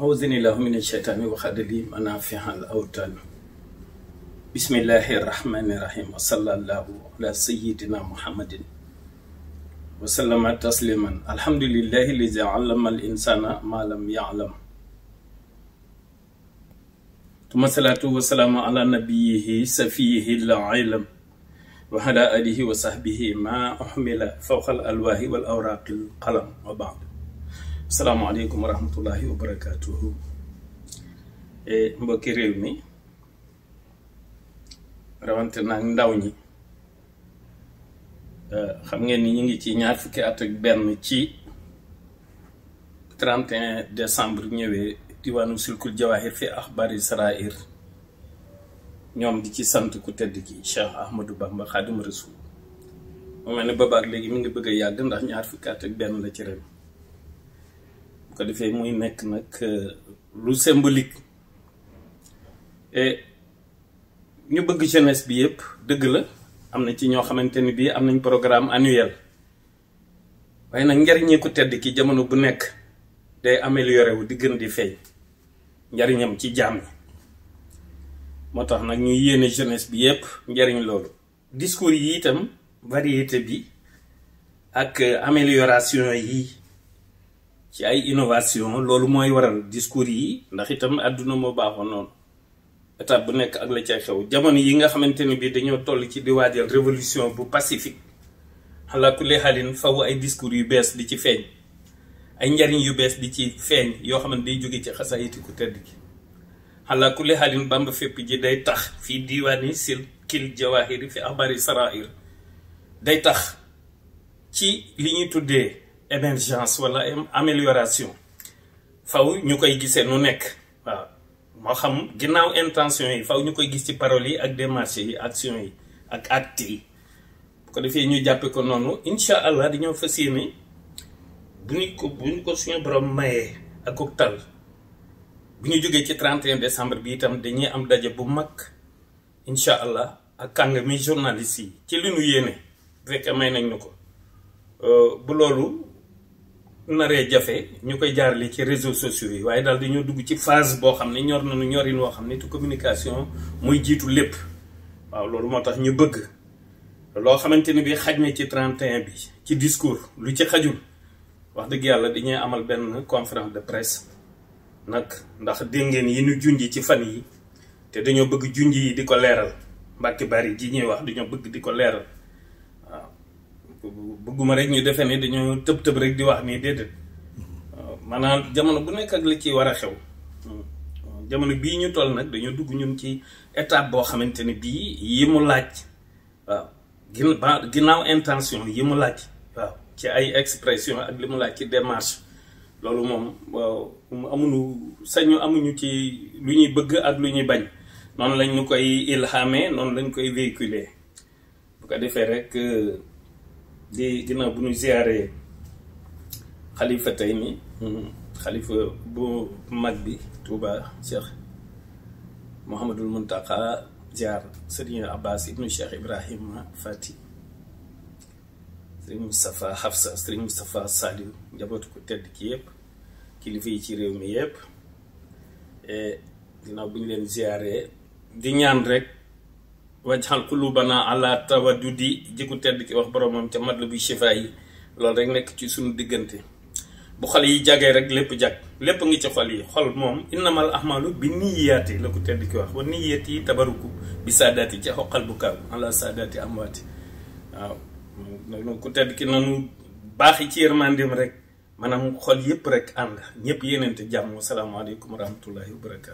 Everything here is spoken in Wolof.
أعوذني الله من الشيطان وخد لي منافعا الأوتان بسم الله الرحمن الرحيم وصلى الله على سيدنا محمد وسلم تسليما الحمد لله الذي علم الإنسان ما لم يعلم ثم صلاة وسلام على نبيه سفيه العلم وعلى آله وصحبه ما أحمل فوق الألواه والأوراق القلم وبعد salaamaaleykum wa rahmatullahi wa barakaatuhu e, mbokki réew mi rawante naag ndaw ñi e, xam ngeen ni ñu ngi ci ñaar fukki at ak benn ci 31 décembre ñëwee diwaanu silkul jawahir fi axbaari sarair ñoom di ci sant ku tedd ci Cheikh Ahmadou Bamba Xaadimu Rasuul mu mel ne boobaak léegi mu ngi bëgg a yàgg ndax ñaar fukki at ak benn la ci ren bu ko defee muy nekk nag euh, lu symbolique et ñu bëgg jeunesse bi yëpp dëgg la am na ci ñoo xamante ni bii am nañ programme annuel waaye nag njariñi ku tedd ki jamono bu nekk day amélioré wu di gën di feeñ njariñam ci jaam yi moo tax nag ñuy yéene jeunesse bi yëpp njariñ loolu discours yi itam variété bi ak euh, amélioration yi ci ay innovation loolu mooy waral discours yi ndax itam àdduna moo baaxoon noonu étape bu nekk ak la cay xew jamono yi nga xamante ni bii dañoo toll ci di waajal révolution bu pacifique ala kulli xaalin faw ay discours yu bees di ci feeñ ay njariñ yu bees di ci feeñ yoo xam ne day jóge ci xasaayiti ku tedd gi ala kulli xaalin bamba fépp ji day tax fii diwaani sil kil jawahiri fi axbaari sarair day tax ci li ñuy tuddee émergence wala amélioration faw ñu koy gisee nu nekk waaw moo xam ginnaaw intention yi faw ñu koy gis ci paroles yi ak démarches yi action yi ak actes yi bu ko defee ñu jàppee ko noonu incha allah dañoo fas yéene bu ñu ko bu ñu ko suñu borom mayee ak ak tal bu ñu jógee ci trente 31 décembre bi itam dañuy am daje bu mag incha allah ak kàngami journaliste yi ci li nu yéene fekk may nañ ñu ko euh, bu loolu naree jafe ñu koy jaarale ci réseaux sociaux yi waaye daal dañoo dugg ci phase bo xam ñor nañu ñorin wo xam tu communication muy jitu lepp waaw lolu moo tax ñu bëgg lo xamanteni bi xajmé ci 31 bi ci discours lu ci xajul wax dëgg yàlla dañuy amal ben conférence de presse nak ndax dégg ngeen yi ñu jundji ci fan yi té dañu bëgg jundji yi di ko leeral bari ji ñuy wax dañu bëgg diko léral bëgguma rek ñu defé ne dañu tëb tëb rek di wax nii déedéet maanaam jamono bu nekk ak li ci wara xew jamono bi ñu toll nak dañu dugg ñun ci étape bo xamanteni bi yi mu laaj waaw gin intention yi mu laaj waaw ci ay expression ak li mu laaj ci démarche lolu mom uh, um, amuñu sañu amuñu ci lu ñuy bëgg ak lu ñuy bañ non lañ ñukoy ilhamé non lañ koy véhiculer bu ko défé rek uh, di ginnaaw bu ñu ziaree xalifa tey mi xalifa mhm. bu mag bi Touba Cheikh Mouhamadul Mountakha ziar Serigne Abbas ibnu Cheikh Ibrahima Fati Serigne Moustapha Hafsa Serigne Moustapha Saliou njabootu ko tedd ki yëpp kilifa yi ci réew mi yëpp ginnaaw bu ñu leen ziaree di ñaan rek. wajxal xulubana ala tawadudi jiku tedd ki wax moom ca mat la buy shifa yi loolu rek nekk ci suñu diggante bu xale yi jagee rek lépp jag lépp ngi ci xol yi xol moom innamal ahmalu bi niyaati la ko tedd ki wax wa niyaat yi tabaruku bi saadaati ca xoqal bu kaaw am saadaati amwaati waaw loolu ku tedd ki nanu baaxi ci yërmandim rek maanaam xol yëpp rek ànd ñëpp yenente jàmm wasalaamaaleykum wa rahmatullahi wa barakatu